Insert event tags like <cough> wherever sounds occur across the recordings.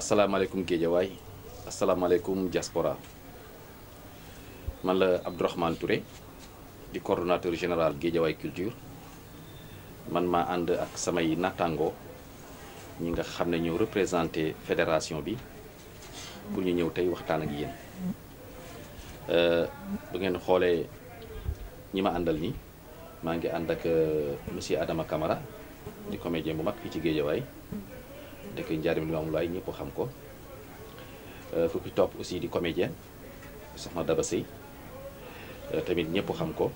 asalaamaaleykum Géejawaay asalaamaaleykum diaspora man la Abdourahmane Touré di coordonnateur général Géejawaay culture man maa ànd ak samay nattango ñi nga xam ne ñoo représenté fédération bi pour ñu ñëw tey waxtaan ak yéen euh, bu ngeen xoolee ñi ma àndal ni maa ngi ànd ak euh, monsieur Adama kamara di comédien bu mag fii ci Géejawaay dëkk Ndiarème lay ñëpp xam ko euh, fukki topp aussi di comédien soxna Daba Sey euh, tamit ñëpp xam ko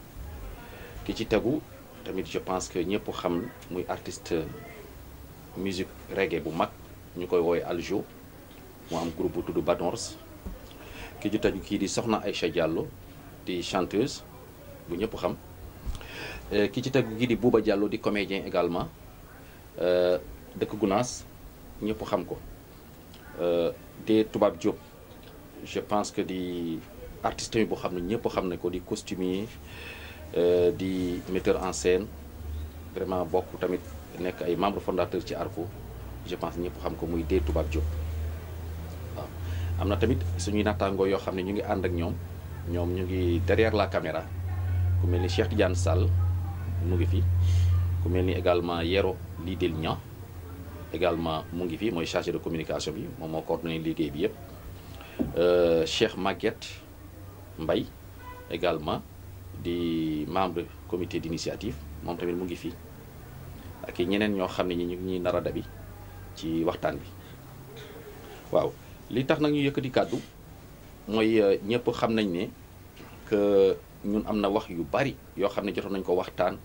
ki ci tegu tamit je pense que ñëpp xam muy artist musique reggae bu mag ñu koy woowe Aljo mu am groupe bu tudd Badons ki ci tegu kii di soxna ay Aïcha Diallo di chanteuse bu ñëpp xam euh, ki ci tegu kii di Bouba Diallo di comédien également dëkk Gunaas ñëpp xam ko euh, des Toubab Diop je pense que di artiste yi bo xam ne ñëpp xam ne ko di costumier euh di metteur en scène vraiment bokk tamit nek ay membre fondateur ci ARCO je pense ñëpp xam ko muy Dé Toubab Diop amna tamit suñu natango yo xam ñu ngi and ak ñom ñom ñu ngi derrière la caméra ku melni Cheikh diane Sall mu ngi fi ku melni également Yero Lidel Niang également mu ngi fi mooy chargé de communication bi moom moo coordonné liggéey bi euh, Cheikh Maguette également di membre comité d'initiative moom tamit mu ngi fi ak ñeneen ñoo xam ne ñi ñu dabi ci waxtaan bi waaw li tax nag ñu yëkkati kàddu mooy euh, ñëpp xam nañ ne que ñun wax yu bari yo xam ne nañ ko waxtaan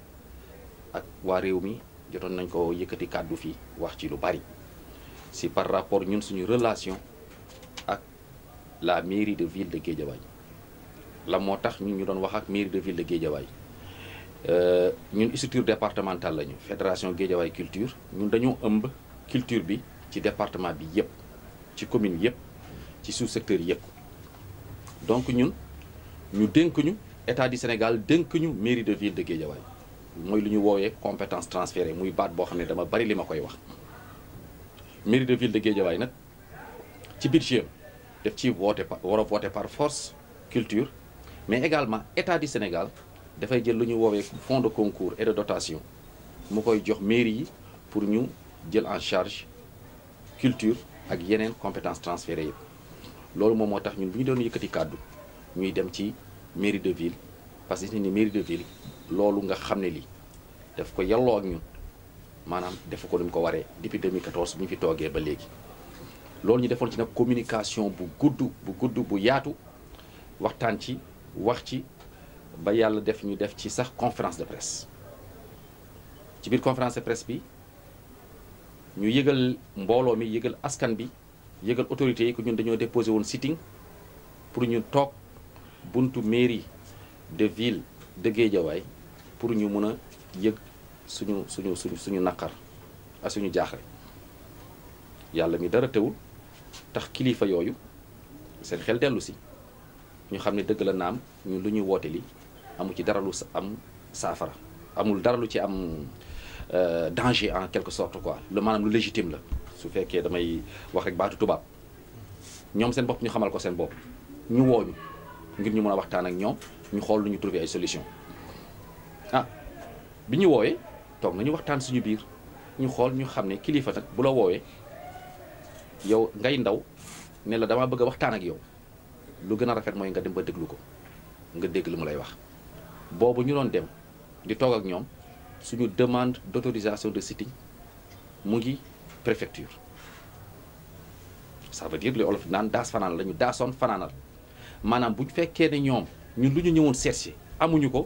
ak mi jotoon nañ ko yëkëti kàddu fi wax ci lu bari si par rapport ñun suñu relation ak la mairie de ville de Guédiawaye la motax ñun ñu doon wax ak mairie de ville de Guédiawaye euh, ñun structure départementale lañu fédération Guédiawaye culture ñun dañu ëmb culture bi ci département bi yépp ci commune yépp ci sous-secteur donc ñun ñu dénk ñu état du Sénégal dénk ñu mairie de ville de Guédiawaye moy luñu wowe compétence transférée muy baat bo xamné dama bari li koy wax mairie de ville de Guédiaway nak ci budget def ci voté par voté par force culture mais également état du Sénégal fay jël luñu wowe woowee fonds de concours et de dotation mu koy jox mairie pour ñu jël en charge culture ak yenen compétence transférée yëpp loolu moom moo ñun bu ñu doon yëkkati kàddu ñuy dem ci mairie de ville parce que ni mairie de ville lolu nga xamné ne daf ko yelloo ak ñun maanaam def ko ni ko waree depuis 2014 bi ñu fi toggé ba légui lool ñu defoon ci nak communication bu gudd bu gudd bu yaatu waxtaan ci wax ci ba yalla def ñu def ci sax conférence de presse ci bir conférence de presse bi ñu yëgal mbolo mi yëgal askan bi yëgal autorité yi ko ñun dañoo déposé won sitting pour ñu tok buntu mairie de ville de Guédiaway pour ñu mëna a yëg suñu suñu suñu suñu naqar ak suñu jaaxle yàlla mi dara teewul tax kilifa yooyu seen xel dellu si ñu xam ne dëgg la naam ñu lu ñu woote li amu ci dara lu am saafara amul dara lu ci am euh, danger en quelque sorte quoi lu maanaam lu légitime la su fekkee damay wax rek baatu tubaab ñoom seen bopp ñu xamal ko seen bopp ñu wooñu ngir ñu mën a waxtaan ak ñoom ñu xool lu ñu trouver ay solution ah bi ñu wooyee toog nañu waxtaan suñu biir ñu xool ñu xam ne kilifa nag bu la woowee yow ngay ndaw ne la damaa bëgg a waxtaan ak yow lu gën a rafet mooy nga dem ba déglu ko nga dégg lu mu lay wax. boobu ñu doon dem di toog ak ñoom suñu demande d' autorisation de sitting mu ngi préfecture ça veut dire li olof naan daas fanaan la ñu daasoon fanaanal maanaam bu fekkee ne ñoom ñun lu ñu ñëwoon seet amuñu ko.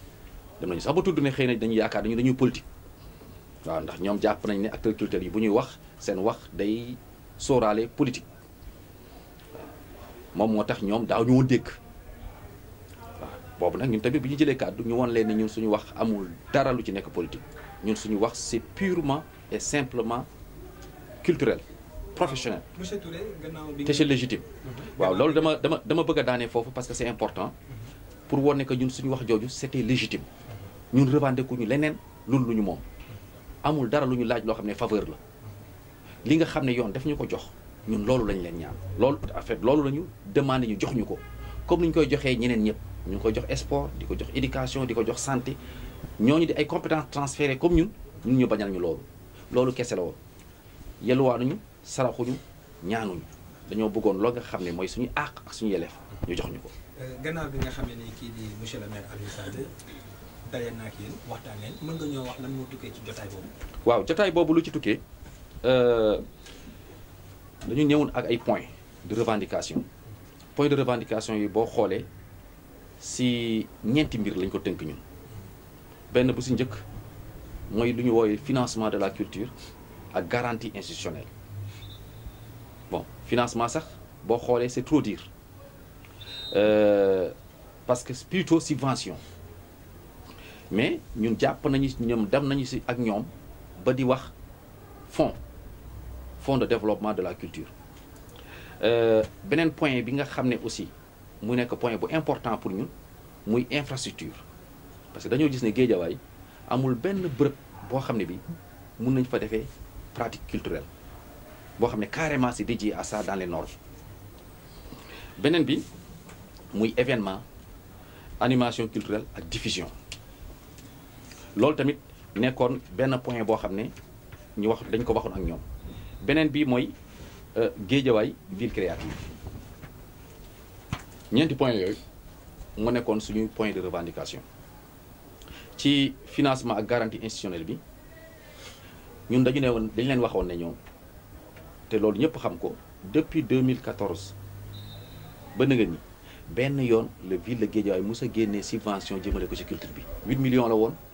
dem nañu sax ba tudd ne xëy na dañuy yaakaar dañu dañuy politique waaw ndax ñoom jàpp nañ ne acteurs culturel yi bu ñuy wax seen wax day sóoraale politique moom moo tax ñoom daaw ñu woon dégg waaw boobu nag ñun tamit bu ñu jëlee kàddu ñu woon leen ne ñun suñu wax amul dara lu ci nekk politique ñun suñu wax c'est purement et simplement culturel professionnel te c'est légitime mhm. waaw loolu dama dama dama bëgg a daanee foofu parce que c'est important mhm. pour woon que ñun suñu wax jooju c'était légitime ñun revendiqué ñu leneen loolu lu ñu moom amul dara luñu laaj lo xamné faveur la li nga xamné yoon daf ñuko jox ñun loolu lañ leen ñaan loolu en fait loolu lañu demander ñu jox ñuko comme ni ñu koy joxé ñeneen ñep ñu koy jox sport diko jox éducation diko jox santé ñoñu di ay compétences transférées comme ñun ñun ñu bañal ñu loolu loolu kese la woon yelwaanuñu saraxuñu ñaanuñu dañoo bëggoon lo nga xam ne mooy suñu àq ak suñu yelef ñu jox ñu ko. Euh, gannaaw bi nga xam ne kii di monsieur le maire Aliou Sané daje naa ak yéen waxtaan ñoo wax lan moo tukkee ci jotaay bobu waaw jotaay boobu lu ci euh dañu ñëwoon ak ay points de revendication point de revendication yi bo xolé si ñenti mbir lañ ko tënk ñun benn bu si njëkk moy duñu woyé financement de la culture ak garantie institutionnelle bon financement sax bo xolé c'est trop dire euh, parce que c'est plutôt subvention mais ñun japp nañu ñom dam nañu ak ba di wax fonds de développement de la culture Un euh, point bi nga aussi mu point bu important pour ñun muy infrastructure parce que nous gis que géejawaay amul benn bërëb bo xamné ne bi mën nañ fa défé pratique culturelle bo xamné carrément ci dédié à ça dans les normes benen bi muy événement animation culturelle ak diffusion lol tamit nekkoon ben point bo xamné ñu wax dañ ko waxoon ak ñom benen bi mooy euh, géejawaay ville créative ñeenti point yoy mo nekkoon suñu point de revendication ci financement ak garantie institutionnelle bi ñun dañu ne dañ leen waxoon né ñom té lolou ñëpp xam ko depuis 2014 ba nga ni benn yoon la ville de Guédiawaye mës a subvention jëmale ko ci culture bi 8 millions la won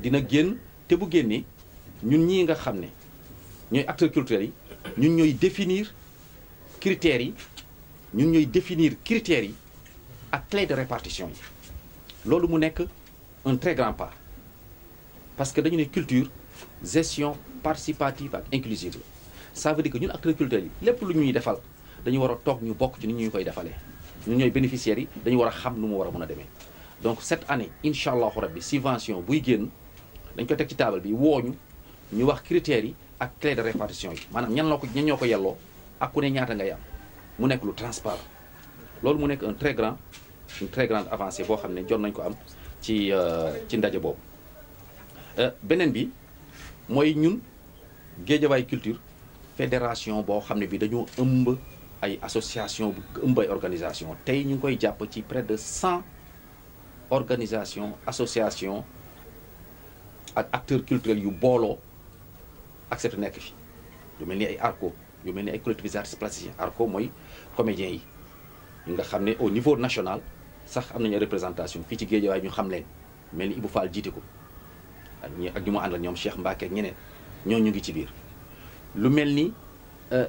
dina génn te bu génnee ñun ñii nga xam ne ñooy acteurs culturels yi ñun ñooy définir critères yi ñun ñooy définir critères yi ak clé de répartition yi loolu mu nekk un très grand pas parce que dañu ne culture gestion participative ak inclusive la ça veut dire que ñun acteurs culturels yi lépp lu ñuy defal dañu war a toog ñu bokk ci ni ñuy koy defalee ñun ñooy bénéficiaires yi dañu war a xam nu mu war a mën a demee donc cette année incha allahu rabbi subvention buy génn dañ ko teg ci table bi wooñu ñu wax critères yi ak clé de répartition yi maanaam ñan la ko ñan ñoo ko yelloo ak ku ne ñaata nga yam mu nekk lu transparent loolu mu nekk un très grand une très grande avancée boo xam ne jot nañ ko am ci euh, ci ndaje boobu euh, beneen bi mooy ñun Guédiawaye culture fédération boo xam ne bi dañoo ëmb ay association bu ëmb ay organisation tey ñu ngi koy jàpp ci près de 100 organisation association ak acteur culturels yu booloo accepté nekk fi lu mel ni ay arco yu mel ni ay collectivités artistes plasticiens arco mooy comédiens yi ñu nga xam ne au niveau national sax am nañu représentation fii ci Géejawaay ñu xam leen mel ni ibu Fall jiite ko ak ñi ak ñu ma àndal ñoom Cheikh Mbacke ak ñeneen ñoo ñu ngi ci biir lu mel ni euh,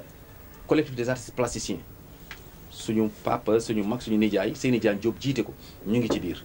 collectif des artistes plasticiens suñu papa suñu mag suñu nijaay Seyni Diagne Diop jiite ko ñu ngi ci biir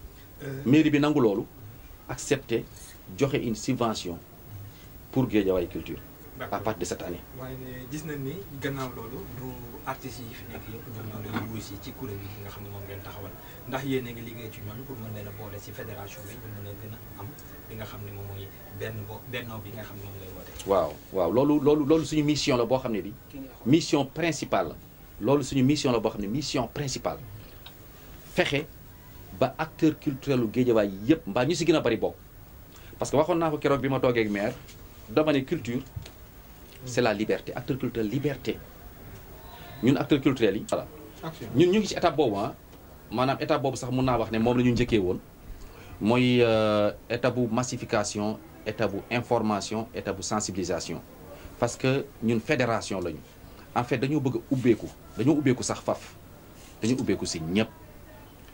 mairie bi nangou loolu accepté joxé une subvention pour Guédiawaye culture à partir de cette année. waaye gis nañ ni gannaaw loolu do artistes yi fi nek yépp ñoom ñoo lay wuyu ci ci kuréel yi nga xam ne moom ngeen taxawal ndax yéen nga liggéey ci ñooñu pour mën leen a boole si fédération bi ñu mën a gëna am li nga xam ne moom mooy benn bo benno bi nga xam ne lay woté waaw waaw loolu loolu loolu suñu mission la bo xam ne bi mission principale la suñu mission la bo xam mission principale fexé ba acteur culturel lu les ñu parce que culture c'est la liberté acteur culturel liberté ñun acteur culturel yi. sommes ñun ñu ci étape bobu hein. étape sax na wax né mom la ñu euh, massification étape information étape sensibilisation parce que ñun fédération en fait bëgg sax faf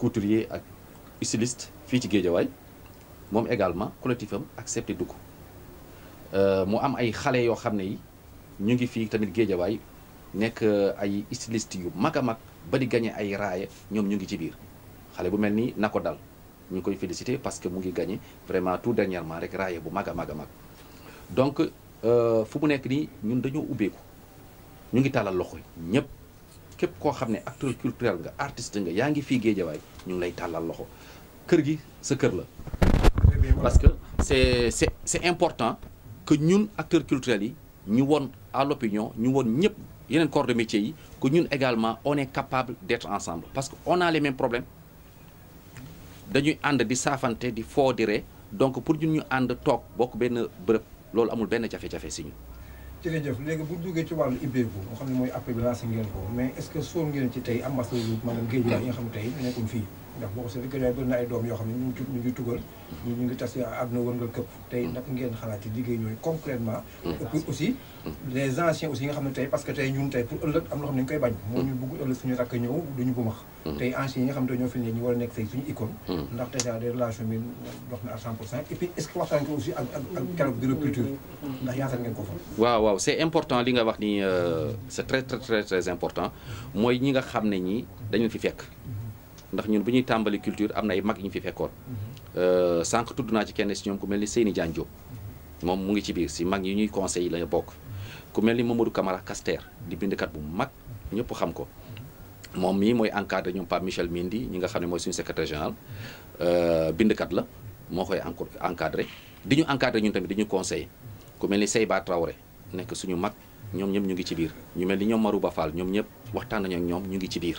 couturier ak styliste fii ci Géejawaay mom également collectif am accepté dugg euh, mu am ay xale yoo xam ne yi ñu ngi fii tamit Géejawaay nekk euh, ay styliste yu mag a mag ba di gagné ay raaya ñoom ñu ngi ci biir xale bu mel ni na ko dal ñu ngi koy félicité parce que mu ngi vraiment tout dernièrement rek raaya bu mag a mag a mag euh, fu mu nekk nii ñun ñu ngi képp koo xam ne acteur culturel nga artiste nga yaa ngi fii géejawaay ñu ngi lay tàllal loxo kër gi sa kër la parce que c'est c'est c'est important que ñun acteur culturel yi ñu won à l'opinion ñu won ñëpp yeneen corps de métier yi que ñun également on est capable d'être ensemble parce que on a les mêmes problèmes dañuy ànd di saafante di foo di ree donc pour ñun ñu ànd toog bokk benn bërëb loolu amul benn jafe-jafe si ñu jërëjëf léegi bu duggee ci wàllu ubbeeku nga xam ne mooy appel bi lancé ngeen ko mais est-ce que sóor ngeen ci tey ambassadeur maanaam géej yi nga xam ne tey fii aussi les anciens parce que et puis c'est important euh, c'est très très très important Moi, ñi nga ndax ñun bu ñuy tàmbali culture am na ay mag ñu fi fekkoon euh, sànq tudd naa ci kenn si ñoom ku mel ni Seyni Diagne Diop moom mu ngi ci biir si mag yi ñuy conseil la bokk ku mel ni Mamadou Camara Caster di bindkat bu mag ñëpp xam ko moom mii mooy encadré ñoom Pape Michel Mindi ñi nga xam ne mooy suñu secrétaire général euh, bindkat la moo koy encadré di ñu encadré ñun tamit di ñu conseillé ku mel ni Seyba Traoré nekk suñu mag ñoom ñëpp ñu ngi ci biir ñu mel ni ñoom Marouba Fall ñoom ñëpp waxtaan nañu ak ñoom ñu ngi ci biir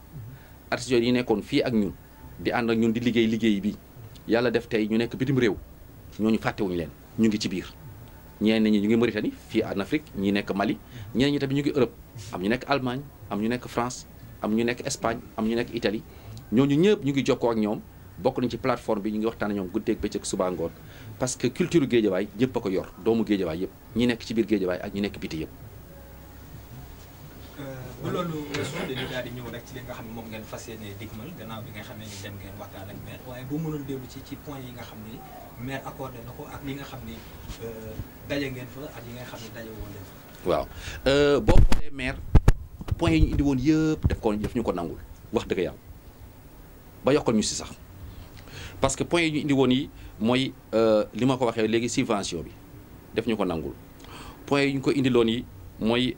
artistes yi nekkoon fii ak ñun di ànd ak ñun di liggéey liggéey bi yàlla def tey ñu nekk bitim réew ñooñu fàttewuñu leen ñu ngi ci biir ñeen ñi ñu ngi Mauritanie fii en Afrique ñi nekk Mali ñeen ñi tamit ñu ngi Europe am ñu nekk Allemagne am ñu nekk France am ñu nekk Espagne am ñu nekk Italie ñooñu ñëpp ñu ngi jokkoo ak ñoom bokk nañ ci plateforme bi ñu ngi waxtaan ak ñoom guddeeg bëccëg suba ngoon parce que culture géejawaay ñëpp a ko yor doomu géejawaay yëpp ñi nekk ci biir géejawaay ak ñi nekk biti yëpp bu loolu weesoo di ñëw rek ci li nga xam ne moom ngeen fas yéene digmal gannaaw bi nga xamee ni dem ngeen maire waaye bu mënoon dellu ci ci point yi nga xam ni maire accordé na ko ak li nga xam ni euh, daje ngeen fa ak yi nga xam ne waaw euh, boo xoolee point yi ñu indi yëpp daf ko daf ñu ko nangul wax dëgg yàlla ba yokkal ñu si sax parce que point yi ñu indi woon yi mooy euh, li ma ko waxee léegi subvention bi def ñu ko nangul point yi ñu ko indiloon yi mooy.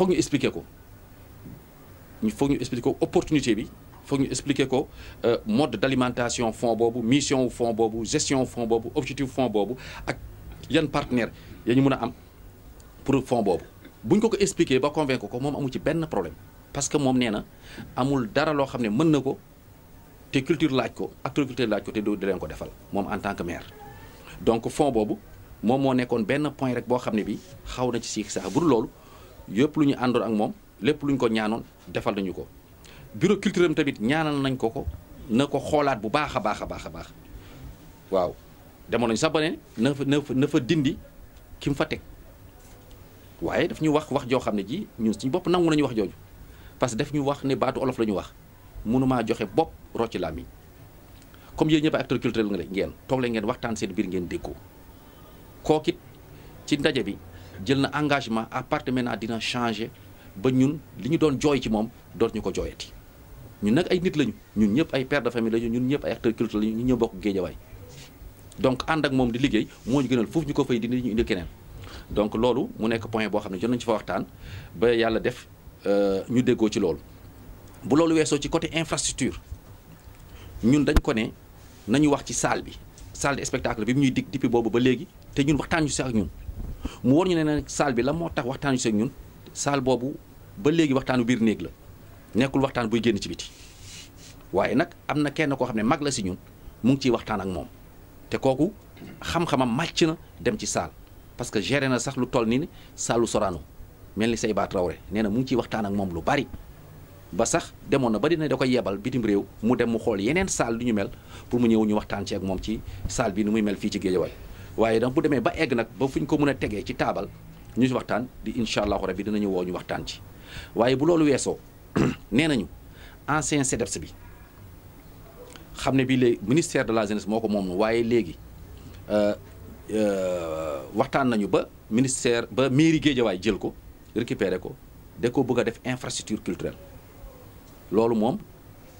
Il nous expliquer ko Faut expliquer opportunité expliquer euh, mode d'alimentation, fond mission fond gestion fond bobu, objectif fonds Y ak un partenaire pour fonds bobu. expliquer convaincre problème parce que moi, culture laaj ko culture ko té en tant que maire donc fonds bobu mom point rek bi yëpp lu ñu àndoon ak moom lépp lu ñu ko ñaanoon defal nañu ko bureau culture tamit ñaanal nañ ko ko na ko xoolaat bu baax a baax a baax a baax waaw demoon nañu sax ba ne na fa na fa dindi ki mu fa teg waaye daf ñu wax wax joo xam ne ji ñun suñu bopp nangu nañu wax jooju parce que daf ñu wax ne baatu olof la ñu wax mënumaa joxe bopp rocci làmmiñ comme yéen ñëpp acteur culturel nga ngeen toog leen ngeen waxtaan seen biir ngeen déggoo kookit ci ndaje bi. jël na engagement à partir maintenant dina changer ba ñun li ñu doon jooy ci moom doot ñu ko jooyati ñun nag ay nit lañu ñun ñëpp ay père de famille lañu ñun ñëpp ay acteurs culturels lañu ñu ñëw bokk géejawaay donc ànd ak moom di liggéey moo ñu gënal foofu ñu ko fay dindi ñu indi keneen donc loolu mu nekk point boo xam ne jot nañu ci fa waxtaan ba yàlla def euh, ñu déggoo ci loolu bu loolu weesoo ci côté infrastructure ñun dañ ko ne nañu wax ci salle bi salle de bi mu ñuy dig depuis boobu ba léegi te ñun waxtaan ñu si ak ñun mu war ñu ne nag salle bi la moo tax waxtaan si ñun salle boobu ba léegi waxtaanu biir néeg la nekkul waxtaan buy génn ci biti waaye nag am na kenn koo xam ne mag la si ñun mu ngi ciy waxtaan ak moom te kooku xam-xamam màcc na dem ci salle parce que géré na sax lu toll ni ne saalu Sorano mel ni Seyba Traoré nee na mu ngi ciy waxtaan ak moom lu bari ba sax demoon na ba dina da ko yebal bitim réew mu dem mu xool yeneen salle du ñu mel pour mu ñëwuñu ñu waxtaan ci moom ci salle bi ni muy mel fii ci Guédiawaye waaye nag bu demee ba egg nag ba fu ñu ko mën a tegee ci taabal ñu si waxtaan di incha allahu rabi dinañu woo ñu waxtaan ci waaye bu loolu weesoo <clears throat> nee nañu ancien CDEPS bi xam ne bii léegi ministère de la jeunesse moo ko moom waaye léegi euh, euh, waxtaan nañu ba ministère ba mairie waaye jël ko récupéré ko da ko bëgg a def infrastructure culturelle loolu moom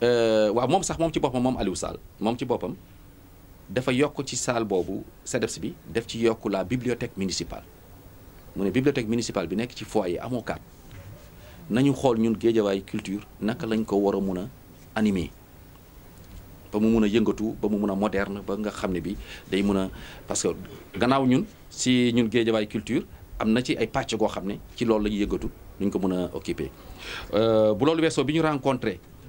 Euh, waaw moom sax moom ci boppam moom Aliou Sall moom ci boppam dafa yokk ci salle boobu CDEPS bi def ci yokk la bibliothèque municipale mu ne bibliothèque municipale bi nekk ci foyer amoo kaat nañu xool ñun géejawaay culture naka lañ ko war a mun a animer ba mu mun a yëngatu ba mu mun a moderne ba nga xam ne bi day mun a parce que gannaaw ñun si ñun géejawaay culture am na ci ay pàcc goo xam ne ci loolu lañu ñuy yëngatu nuñ ko mun a occuper euh, bu loolu weesoo bi ñu rencontré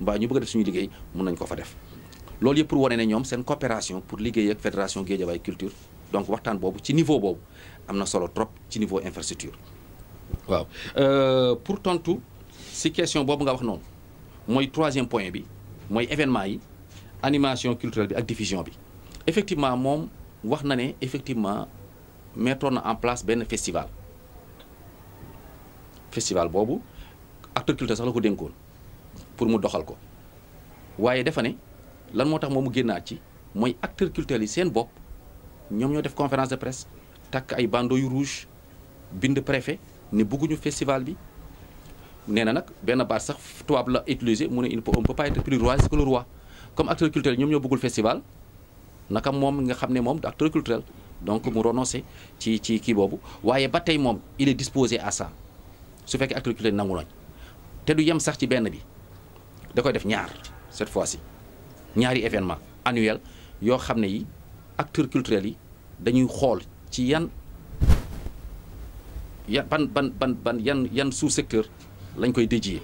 mbaa ñu bëgg a suñu ko fa def loolu pour wane ne ñoom coopération pour liggéey ak fédération Guédiawaye culture donc waxtaan bobu, ci niveau bobu. am na solo trop ci niveau infrastructure waaw euh, pour tontu si question boobu nga wax noonu troisième point bi événement yi animation culturelle bi ak diffusion bi effectivement moom wax na effectivement mettoon en place benn festival festival bobu acteur culturel sax la ko pour mu doxal ko waye dafa ne lan moo tax moomu génnaat ci mooy acteurs culturels yi seen ñoo def conférence de presse tak ay bandeau yu rouge bind préfet ne bëgguñu festival bi néna nak ben bar sax tubaab la utiliser mu ne il on peut pas être plus roi que le roi comme acteur culturel ñom ñoo bëggul festival nakam mom nga xamné mom acteur culturel donc mu renoncer ci ci ki bobu waye batay mom il est disposé à ça su fekk acteur culturel nangul nañ té du yam sax ci ben bi da koy def ñaar cette fois-ci ñaari événement annuel yoo xam ne yi acteurs culturels yi dañuy pan ci yan yan ban ban ban ban yan yan sous secteur lañ koy déjiyee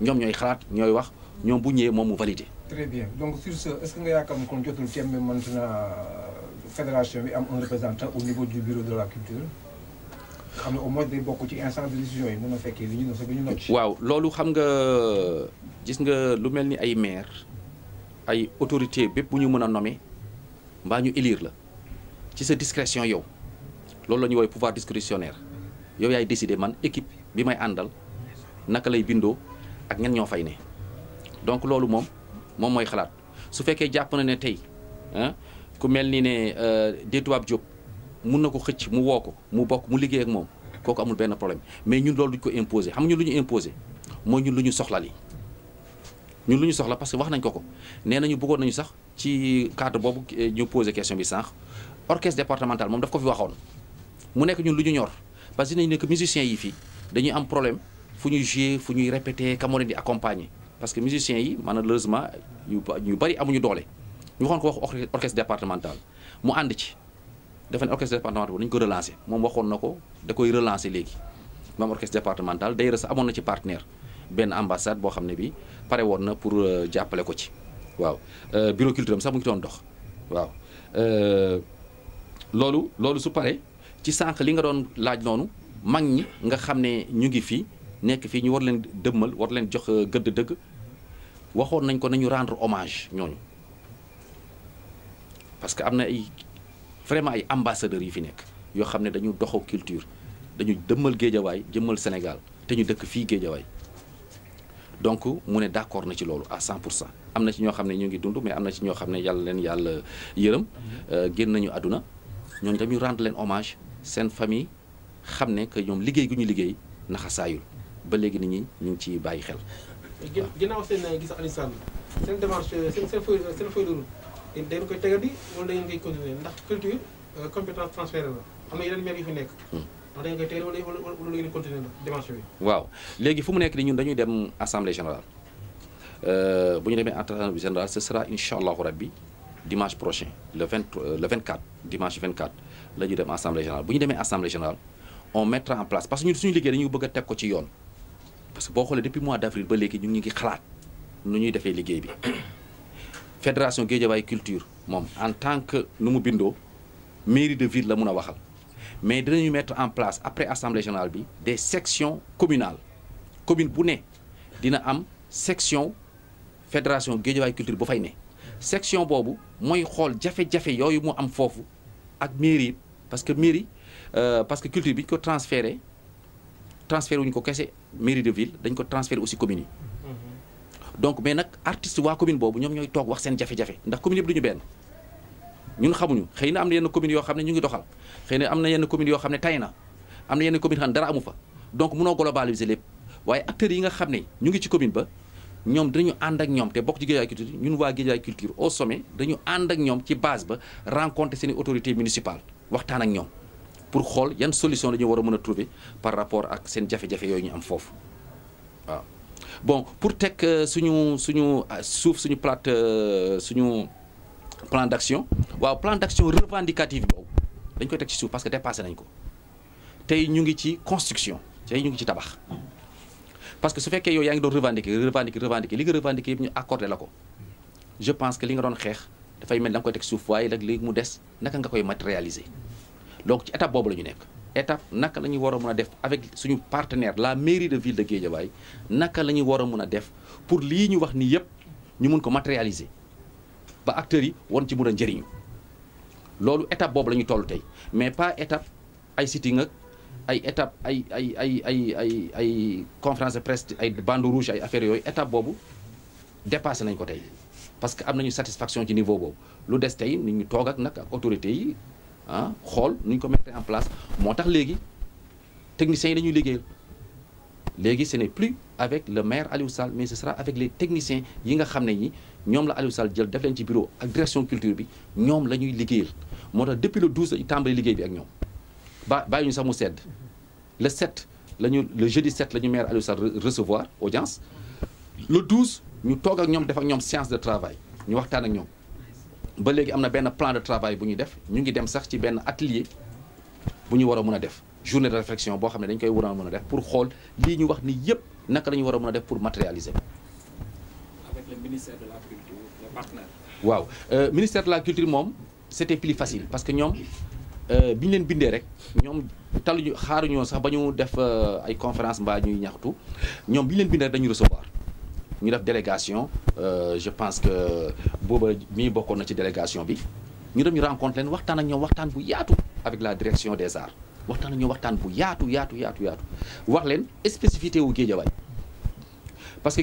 ñoom ñooy xalaat ñooy wax ñoom bu ñëwee moom mu validé. très bien donc sur ce est-ce que nga yaakaar ni kon jotul thème bi maintenant euh, fédération bi am un représentant au niveau du bureau de la culture. xam au moins day bokk ci instance de décision yi mën a fekkee li ñu noté bi ñu noté. waaw loolu xam nga gis nga lu mel ni ay maire ay autorité bépp bu ñu mën a nommer mbaa ñu élire la ci sa discrétion yow loolu la ñuy pouvoir discrétionnaire yow yaay décider man équipe bi may àndal naka lay bindoo ak ñen ñoo fay ne donc loolu moom moom mooy xalaat su fekkee jàpp na ne tey hein, ku mel ni ne euh, Détuwaab Diop mun na ko xëcc mu woo ko mu bokk mu liggéey ak moom kooku amul benn problème mais ñun loolu duñ ko imposer xam ñu lu ñu imposer mooy ñun lu ñu soxla li ñun lu ñu soxla parce que wax nañ ko ko nee nañu bëggoon nañu sax ci cadre boobu ñu posé question bi sànq orchestre départemental moom daf ko fi waxoon mu nekk ñun lu ñu ñor parce que dinañ nekk musiciens yi fii dañuy am problème fu ñuy jouer fu ñuy répéter ka moo di accompagner parce que musiciens yi malheureusement ñu ñu bari amuñu doole ñu waxoon ko wax orchestre départemental mu ànd ci dafa ne orchestre départemental boobu nañu ko relancer moom waxoon na ko da koy relancer léegi moom orchestre départemental d'ailleurs sax amoon na ci partenaire benn ambassade boo xam ne bi pare woon na pour euh, jàppale ko ci waaw euh, bureau culture am sax mu ngi doon dox waaw euh, loolu loolu su pare ci sànq li nga doon laaj noonu mag ñi nga xam ne ñu ngi fii nekk fii ñu war leen dëmmal war leen jox gëdd dëgg waxoon nañ ko nañu rendre hommage ñooñu parce que am na ay vraiment ay ambassadeurs yi fi nekk yoo xam ne dañu doxo culture dañu dëmmal géejawaay jëmmal Sénégal te ñu dëkk fii géejawaay donc mu ne d'accord na ci loolu à 100 pour cent am na ci ñoo xam ne ñu ngi dund mais am na ci ñoo xam ne yàlla leen yàlla yërëm euh, génn nañu àdduna ñooñu tamit rendre leen hommage seen famille xam ne que ñoom liggéey gu ñu liggéey naxasaayul ba léegi ni ñi ñu ngi ciy bàyyi xel. ginnaaw seen euh, gis Aliou Sall seen démarche euh, seen seen seen feuille de route dañ koy tegal di wala da ngeen continuer ndax culture compétence transférée la am na yeneen maire yu fi nekk. Hmm. waaw les fu mu nekk nii ñun dañuy dem assemblée générale euh, ñu demee assemblée générale ce sera inshallah, dimanche prochain le 20, euh, le 24 dimanche 24 la ñu dem assemblée générale bu ñu demee assemblée générale on mettra en place parce que nous, suñu liggéey dañu bëgg a teg ko ci parce que boo xoolee depuis mois d'avril, avril ba léegi ñu ngi xalaat nu ñuy defee bi <coughs> fédération Guédiawaye culture en tant que nu mu mairie de ville la mun waxal mais dinañu mettre en place après assemblée générale bi des sections communales commune bu né dina am section fédération Guédiawaye culture bu fay né section bobu moy xol jafé jafé yoyu mu am fofu ak mairie parce que mairie euh, parce que culture bi ko transféré transféré wuñ ko kessé mairie de ville dañ ko transféré aussi commune mm-hmm. donc mais nak artiste wa commune bobu ñom ñoy tok wax sen jafé jafé ndax commune bi duñu Ben. ñun xamuñu xëy na am na yenn communes yoo xam ne ñu ngi doxal xëy na am na yenn communes yoo xam ne tay na am na yenn communes xam ne dara amu fa donc mënoo globaliser lépp waaye acteurs yi nga xam ne ñu ngi ci commune ba ñoom dinañu ànd ak ñoom te bokk ci Guédiawaye culture ñun waa Guédiawaye culture au sommet dañu ànd ak ñoom ci base ba rencontrer seen autorité autorités waxtaan ak ñoom pour xool yan solution dañu war a mën a trouver par rapport ak seen jafe-jafe yooyu ñu am foofu waaw bon pour teg euh, suñu suñu ah, suuf suñu plate euh, suñu plan d'action ou plan d'action revendicative es dañ ci parce que dépassé nañ ko tay ñu construction tay ñu ngi ci parce que su fait yow yaa ngi revendiquer revendiquer revendiquer li nga revendiquer ñu je pense que li nga doon da fay mel da nga tek mu donc ci étape nekk étape naka avec suñu partenaire la mairie de ville de Guédiawaye naka qui, wara mëna pour li ñu wax ni yépp ñu ba acteurs yi won ci mëna jëriñ lolu étape bobu lañu tollu tay mais pas étape ay sitting ak ay étape ay ay ay ay ay ay conférence de presse ay bande rouge ay affaire yoy étape bobu dépassé nañ ko tay parce que am nañu satisfaction ci niveau bobu lu dess tay ni ñu toog ak nak autorité yi ah xol nu ñu ko mettre en place motax légui technicien techniciens yi dañuy liggéeyal léegi ce n'est plus avec le maire Aliou Sall mais ce sera avec les techniciens yi nga xamné ne ñom la Aliou Sall djel def len ci bureau ak direction culture bi ñom lañuy ñuy motax depuis le 12 tàmbali liggéey bi ak ñom ba bàyyi ñu sax mu sedd le 7 lañu le jeudi 7 lañu maire Aliou Sall recevoir audience le 12 ñu toog ak ñom def ak ñom séance de travail ñu waxtaan ak ñom ba légui amna ben plan de travail bu ñu def ñu ngi dem sax ci ben atelier bu ñu wara mëna def journée de réflexion bo xamné dañ koy war mëna def pour xol li ñu wax ni yépp naka la wara mëna def pour matérialiser avec le ministère de la Wow, euh, ministère de la culture c'était plus facile parce que nous, euh, avons ñu leen nous rek euh, conférence nous recevoir délégation je pense que booba avons bokkoon na ci délégation bi ñu dem ñu rencontre avec la direction des arts Nous avons bu yaatu yaatu parce que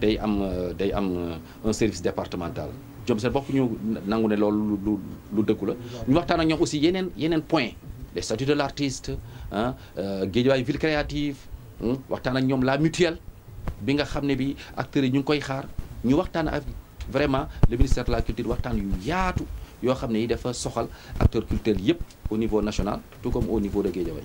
day am euh, day am euh, un service départemental jom seen bopp ñu nangu ne loolu lu lu dëggu ñu waxtaan ak ñoom aussi yeneen yeneen point les statuts de l'artiste ah Guédiawaye ville créative hmm, waxtaan ak ñoom la mutuel bi nga xam ne bi acteur yi ñu ngi koy xaar ñu waxtaan ak vraiment le ministère de la culture waxtaan yu yaatu yoo xam ne yi dafa soxal acteurs culturels yëpp au niveau national tout comme au niveau de Guédiawaye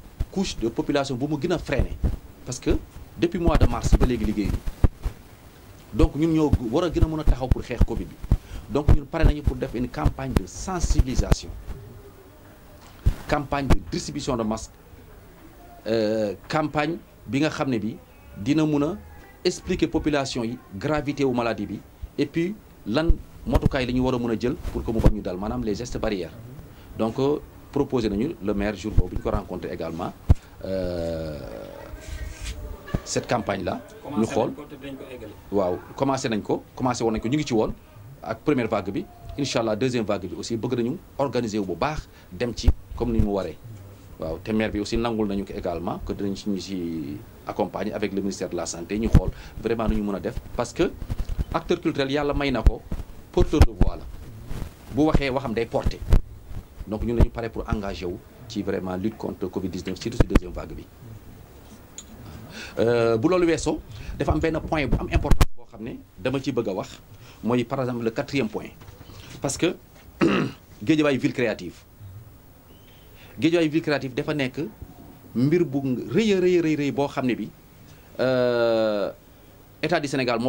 couche de population bu mu gëna freiner parce que depuis mois de mars ba légui liggéey donc ñun ñoo wara gëna mëna taxaw pour xeex Covid bi donc ñun pare nañu pour def une campagne de sensibilisation campagne de distribution de masques euh, campagne bi nga xamné bi dina mëna expliquer population yi gravité wu maladie bi et puis lan motukay li ñu wara mëna jël pour que mu bañ dal manam les gestes barrières donc euh, proposé nañu le maire jour boobu ñu ko rencontré également euh, cette campagne là. ñu xool waaw commencé nañ ko commencé won nañ ko ñu ngi ci won ak première vague bi inshallah deuxième vague bi aussi bëgg nañu organiser wu bu baax dem ci comme ni mu waree. waaw te maire bi aussi nangul nañu ko également que dinañ ci accompagner avec le ministère de la santé ñu xol vraiment nu ñu mëna def parce que acteur culturel yalla may nako ko porteur de voix la bu waxé waxam day porter donc nous sommes prêts pour engager qui vraiment lutte contre Covid 19 c'est la deuxième vague euh, Pour le il y a un point important am importance par exemple le quatrième point parce que <clears throat> une ville créative une ville créative euh, du Sénégal